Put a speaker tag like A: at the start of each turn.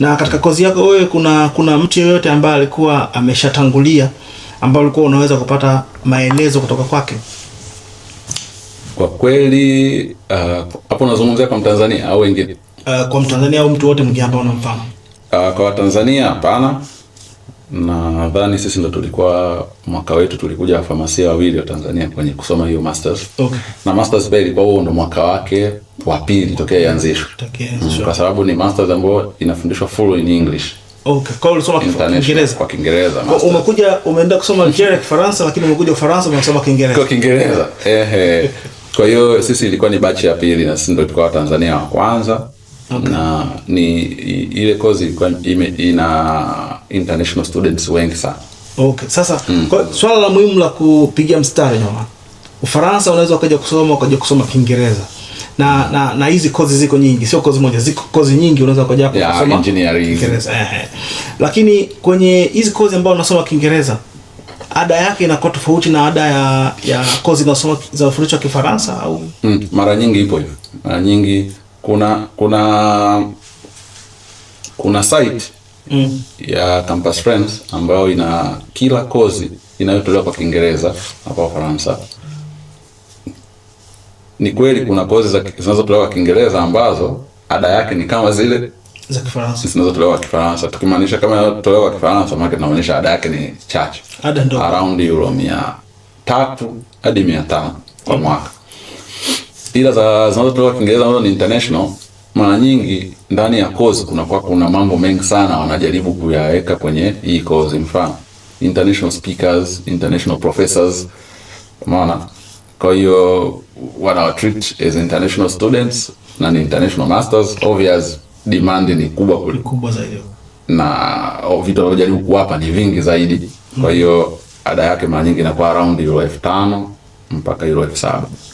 A: Na katika kozi yako wewe, kuna kuna mtu yeyote ambaye alikuwa ameshatangulia ambaye ulikuwa unaweza kupata maelezo kutoka kwake?
B: Kwa kweli ah, hapo uh, unazungumzia kwa Mtanzania au wengine?
A: Uh, kwa Mtanzania au mtu wote mwingine ambaye unamfahamu?
B: Uh, kwa Watanzania hapana, na nadhani sisi ndo tulikuwa mwaka wetu tulikuja wafamasia wawili wa Tanzania kwenye kusoma hiyo masters. Okay. Na masters bay ilikuwa huo ndo mwaka wake wa pili tokea ianzishwe mm, kwa sababu ni masters ambayo inafundishwa full in English.
A: Okay, kwa ulisoma Kiingereza. Kwa Kiingereza Umekuja umeenda kusoma Algeria Kifaransa lakini umekuja Ufaransa unasoma Kiingereza.
B: Kwa Kiingereza. Ehe. Kwa hiyo sisi ilikuwa ni batch ya pili na sisi ndio tulikuwa wa Tanzania wa kwanza. Okay. Na ni ile course ilikuwa ime, ina international students wengi sana.
A: Okay. Sasa mm. Kwa swala la muhimu la kupiga mstari nyuma. Ufaransa unaweza ukaja kusoma ukaja kusoma Kiingereza na na na hizi kozi ziko nyingi, sio kozi moja, ziko kozi nyingi unaweza kuja hapo yeah, kusoma engineering Kiingereza eh, lakini kwenye hizi kozi ambazo unasoma Kiingereza ada yake inakuwa tofauti na ada ya ya kozi unasoma za inasoma wa Kifaransa au
B: mm, mara nyingi ipo hivyo, mara nyingi kuna kuna kuna site mm, ya Campus Friends ambayo ina kila kozi inayotolewa kwa Kiingereza hapa kwa Faransa ni kweli kuna kozi zinazotolewa Kiingereza ambazo ada yake ni kama zile za Kifaransa zinazotolewa Kifaransa, tukimaanisha kama inatolewa Kifaransa, maana inaonyesha ada yake ni chache, ada ndogo, around euro mia tatu hadi mia tano kwa mm. mwaka, ila za zinazotolewa Kiingereza ambazo ni international mara nyingi ndani ya kozi kuna kwa kuna mambo mengi sana wanajaribu kuyaweka kwenye hii kozi. Mfano international speakers, international professors, maana kwa hiyo treat as international students na ni international masters, obvious demand ni kubwa kuli
A: kubwa zaidi,
B: na vitu wanavyojaribu kuwapa ni vingi zaidi. Kwa hiyo ada yake mara nyingi inakuwa around euro elfu tano mpaka euro elfu saba.